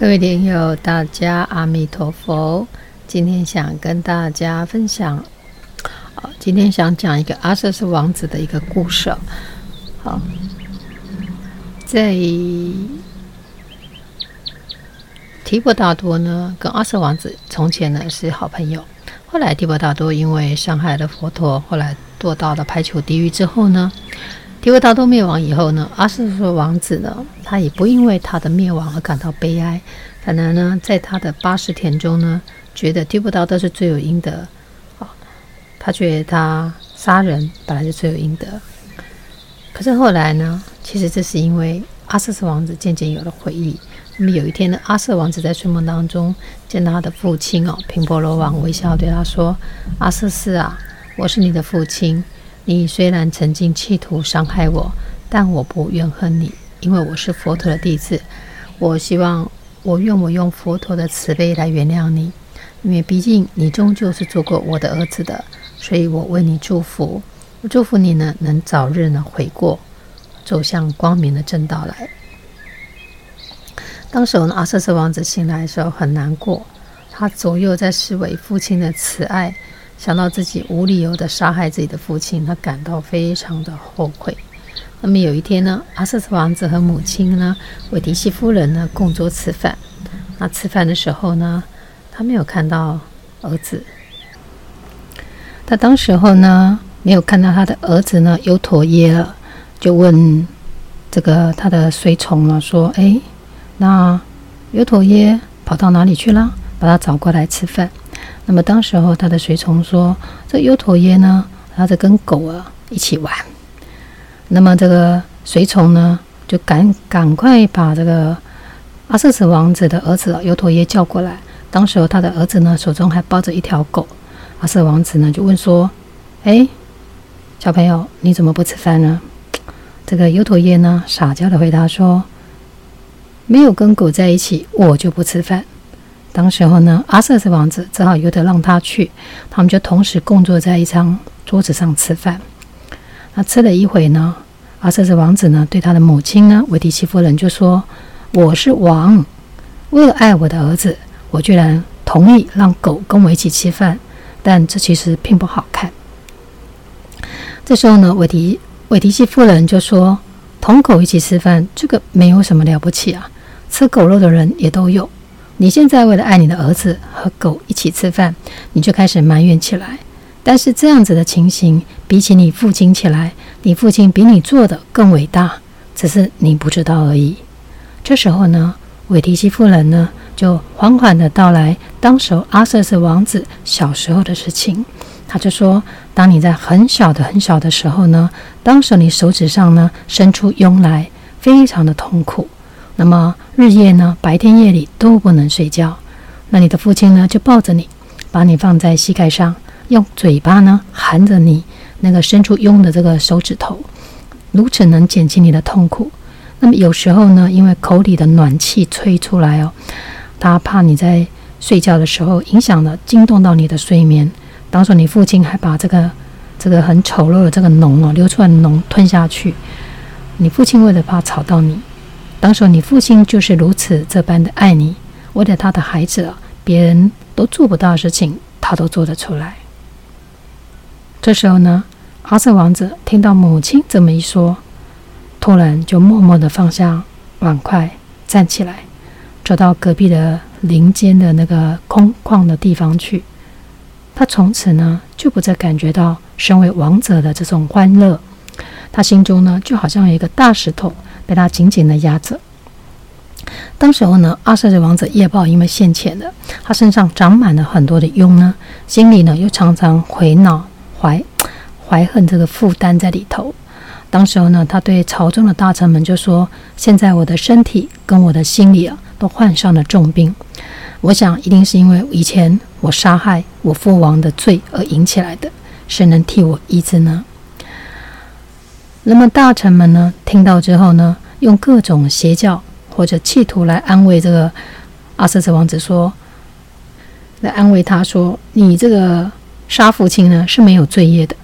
各位聽友，大家阿彌陀佛。今天想跟大家分享，今天想講一個阿闍世王子的一個故事。好，在提婆達多呢，跟阿闍世王子從前呢是好朋友，後來提婆達多因為傷害了佛陀，後來墮到了排球地獄之後呢。提婆達多滅亡以後呢，阿闍世王子呢，他也不因為他的滅亡而感到悲哀，反而呢，在他的八十天中呢，覺得提婆達多是罪有應得，啊、哦，他覺得他殺人本來就罪有應得。可是後來呢，其實這是因為阿闍世王子漸漸有了回憶。那麼有一天呢，阿闍世王子在睡夢當中見到他的父親哦，頻婆羅王微笑對他說：“阿闍世啊，我是你的父親。”你雖然曾經企圖傷害我，但我不怨恨你，因為我是佛陀的弟子。我希望，我願我用佛陀的慈悲來原諒你，因為畢竟你終究是做過我的兒子的，所以我為你祝福。我祝福你呢，能早日呢悔過，走向光明的正道來。當時呢，阿闍世王子醒來的時候很難過，他左右在思維父親的慈愛。想到自己無理由的殺害自己的父親，他感到非常的後悔。那麼有一天呢，阿闍世王子和母親呢，韋提希夫人呢共桌吃飯。那吃飯的時候呢，他沒有看到兒子。他當時候呢，沒有看到他的兒子呢，優陀耶了，就問這個他的隨從了，說：“哎，那優陀耶跑到哪裡去了？把他找過來吃飯。”那麼，當時候他的隨從說：“這優陀耶呢，他在跟狗啊一起玩。”那麼，這個隨從呢，就趕趕快把這個阿闍世王子的兒子啊，優陀耶叫過來。當時候他的兒子呢，手中還抱着一條狗。阿闍世王子呢，就問說：“哎，小朋友，你怎麼不吃飯呢？”這個優陀耶呢，撒嬌的回答說：“沒有跟狗在一起，我就不吃飯。”當時候呢，阿闍世王子只好由得讓他去。他們就同時共坐在一張桌子上吃飯。那吃了一會呢，阿闍世王子呢，對他的母親呢，韋提希夫人就說：“我是王，為了愛我的兒子，我居然同意讓狗跟我一起吃飯。但這其實並不好看。”這時候呢，韋提韋提希夫人就說：“同狗一起吃飯，這個沒有什麼了不起啊，吃狗肉的人也都有。”你現在為了愛你的兒子和狗一起吃飯，你就開始埋怨起來。但是這樣子的情形，比起你父親起來，你父親比你做得更偉大，只是你不知道而已。這時候呢，韋提希夫人呢就緩緩地道來，當時阿闍世王子小時候的事情，他就說：當你在很小的很小的時候呢，當時你手指上呢生出癰來，非常的痛苦。那麼日夜呢，白天夜裡都不能睡覺。那你的父親呢，就抱着你，把你放在膝蓋上，用嘴巴呢含着你那個伸出擁的這個手指頭，如此能減輕你的痛苦。那麼有時候呢，因為口裡的暖氣吹出來哦，他怕你在睡覺的時候影響了驚動到你的睡眠。當時你父親還把這個這個很醜陋的這個膿哦流出來的膿吞下去，你父親為了怕吵到你。當時你父親就是如此這般的愛你，為了他的孩子，別人都做不到的事情，他都做得出來。這時候呢，阿闍世王子聽到母親這麼一說，突然就默默的放下碗筷，站起來，走到隔壁的林間的那個空曠的地方去。他從此呢，就不再感覺到身為王者的這種歡樂，他心中呢，就好像有一個大石頭。被他緊緊的壓着。當時候呢，阿闍世王子業報，因為現前了，他身上長滿了很多的癰呢，心裡呢又常常悔惱，懷懷恨這個負擔在裡頭。當時候呢，他對朝中的大臣們就說：“現在我的身體跟我的心裡啊，都患上了重病，我想一定是因為以前我殺害我父王的罪而引起來的，誰能替我醫治呢？”那麼大臣們呢，聽到之後呢，用各種邪教或者企圖來安慰這個阿闍世王子說，說來安慰他說：“你這個殺父親呢是沒有罪業的。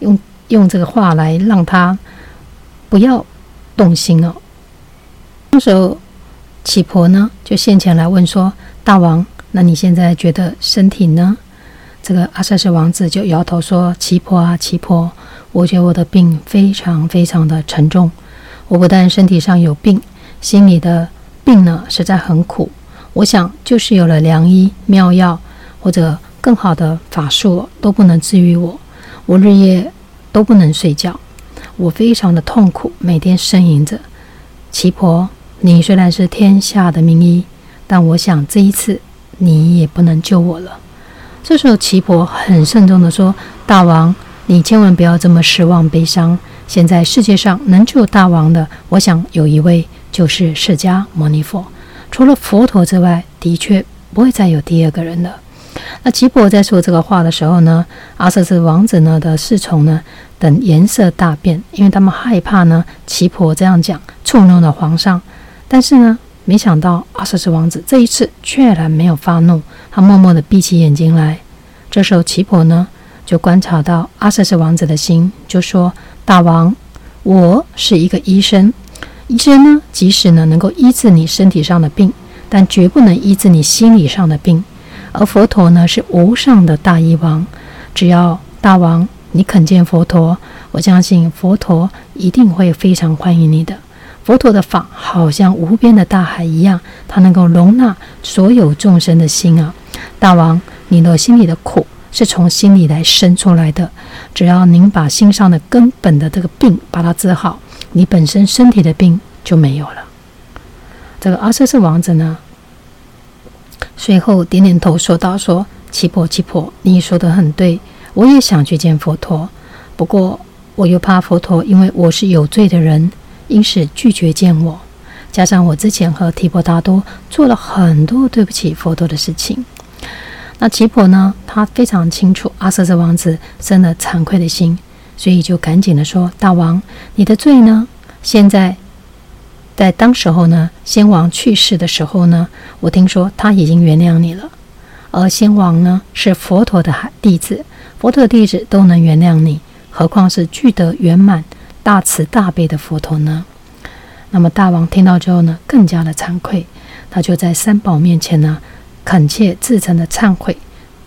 用”用用這個話來讓他不要動心哦。那時候耆婆呢就現前來問說：“大王，那你現在覺得身體呢？”這個阿闍世王子就搖頭說：“耆婆啊，耆婆，我覺得我的病非常非常的沉重。”我不但身體上有病，心裡的病呢，實在很苦。我想，就是有了良醫妙藥或者更好的法術，都不能治愈我。我日夜都不能睡覺，我非常的痛苦，每天呻吟着。耆婆，你雖然是天下的名醫，但我想這一次你也不能救我了。這時候，耆婆很慎重地說：“大王，你千萬不要這麼失望悲傷。”現在世界上能救大王的，我想有一位就是釋迦牟尼佛。除了佛陀之外，的確不會再有第二個人了。那耆婆在說這個話的時候呢，阿闍世王子呢的侍從呢等顏色大變，因為他們害怕呢耆婆這樣講觸怒了皇上。但是呢，沒想到阿闍世王子這一次確然沒有發怒，他默默地閉起眼睛來。這時候耆婆呢就觀察到阿闍世王子的心，就說。大王，我是一個醫生，醫生呢，即使呢能夠醫治你身體上的病，但絕不能醫治你心理上的病。而佛陀呢，是無上的大醫王，只要大王你肯見佛陀，我相信佛陀一定會非常歡迎你的。佛陀的法好像無邊的大海一樣，它能夠容納所有眾生的心啊！大王，你的心裡的苦。是從心裡來生出來的。只要您把心上的根本的這個病把它治好，你本身身體的病就沒有了。這個阿闍世王子呢，隨後點點頭說道說：“說耆婆耆婆，你說得很對。我也想去見佛陀，不過我又怕佛陀，因為我是有罪的人，因此拒絕見我。加上我之前和提婆達多做了很多對不起佛陀的事情。”那耆婆呢，他非常清楚阿闍世王子生了慚愧的心，所以就趕緊的說：“大王，你的罪呢，現在在當時候呢，先王去世的時候呢，我聽說他已經原諒你了。而先王呢，是佛陀的弟子，佛陀的弟子都能原諒你，何況是具德圓滿、大慈大悲的佛陀呢？那麼大王聽到之後呢，更加的慚愧，他就在三寶面前呢。”懇切、至誠的懺悔、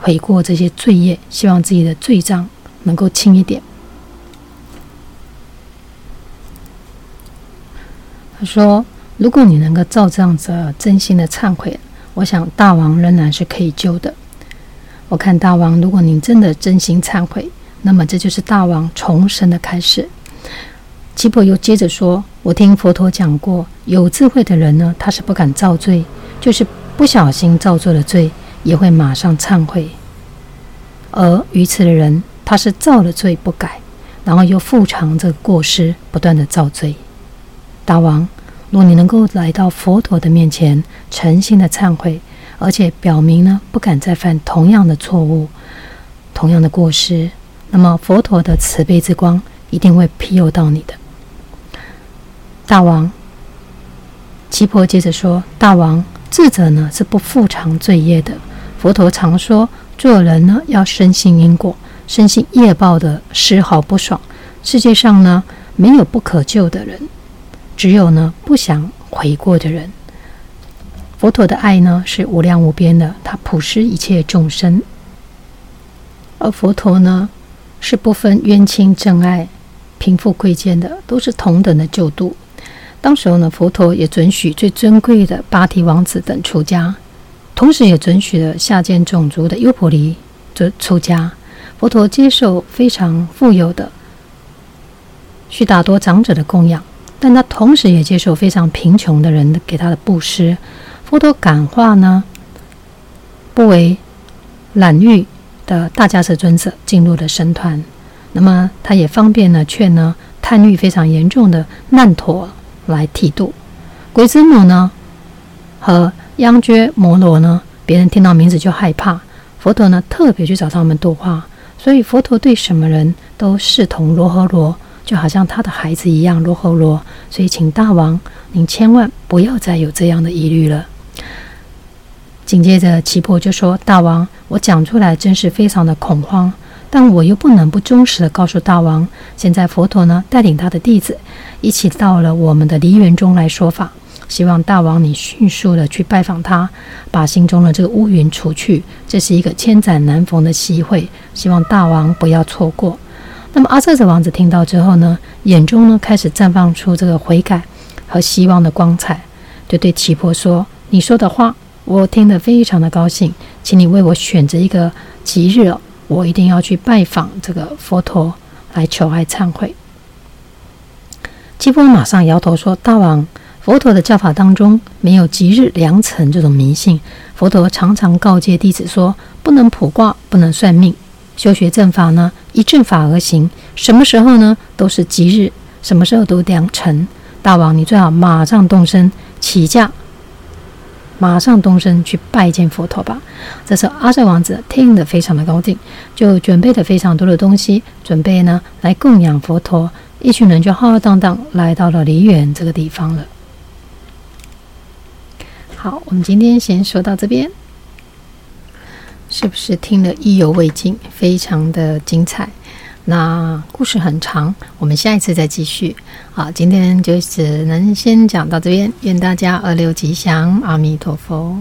悔過這些罪業，希望自己的罪障能夠輕一點。他說：“如果你能夠照這樣子真心的懺悔，我想大王仍然是可以救的。我看大王，如果你真的真心懺悔，那麼這就是大王重生的開始。”耆婆又接着說：“我聽佛陀講過，有智慧的人呢，他是不敢造罪，就是。”不小心造作了罪，也會馬上懺悔；而愚癡的人，他是造了罪不改，然後又覆藏這個過失，不斷的造罪。大王，若你能夠來到佛陀的面前，誠心的懺悔，而且表明呢不敢再犯同樣的錯誤、同樣的過失，那麼佛陀的慈悲之光一定會庇佑到你的。大王，耆婆接着說：“大王。”智者呢是不覆藏罪業的。佛陀常說，做人呢要深信因果，深信業報的絲毫不爽。世界上呢沒有不可救的人，只有呢不想悔過的人。佛陀的愛呢是無量無邊的，他普施一切眾生。而佛陀呢是不分冤親、憎愛、貧富、貴賤的，都是同等的救度。當時候呢，佛陀也准許最尊貴的巴提王子等出家，同時也准許了下賤種族的優婆離出家。佛陀接受非常富有的須達多長者的供養，但他同時也接受非常貧窮的人的給他的布施。佛陀感化呢，不為染欲的大迦葉尊者進入了僧團，那麼他也方便呢勸呢貪欲非常嚴重的難陀。來剃度，鬼子母呢和央掘摩羅呢，別人聽到名字就害怕。佛陀呢特別去找他們度化，所以佛陀對什麼人都視同羅睺羅，就好像他的孩子一樣羅睺羅。所以，請大王您千萬不要再有這樣的疑慮了。緊接着，耆婆就說：“大王，我講出來真是非常的恐慌。”但我又不能不忠實的告訴大王，現在佛陀呢帶領他的弟子一起到了我們的梨園中來說法，希望大王你迅速的去拜訪他，把心中的這個烏雲除去。這是一個千載難逢的機會，希望大王不要錯過。那麼阿闍世王子聽到之後呢，眼中呢開始綻放出這個悔改和希望的光彩，就對耆婆說：“你說的話我聽得非常的高興，請你為我選擇一個吉日、哦我一定要去拜訪這個佛陀，來求哀懺悔。耆婆馬上搖頭說：“大王，佛陀的教法當中沒有吉日良辰這種迷信。佛陀常常告誡弟子說，不能卜卦，不能算命。修學正法呢，依正法而行，什麼時候呢，都是吉日，什麼時候都良辰。大王，你最好馬上動身起駕。”馬上動身去拜見佛陀吧。這時候，阿闍世王子聽得非常的高興，就準備了非常多的東西，準備呢來供養佛陀。一群人就浩浩蕩蕩來到了梨園這個地方了。好，我們今天先說到這邊，是不是聽得意猶未盡？非常的精彩。那故事很長，我們下一次再繼續。好，今天就只能先講到這邊，願大家二六吉祥，阿彌陀佛。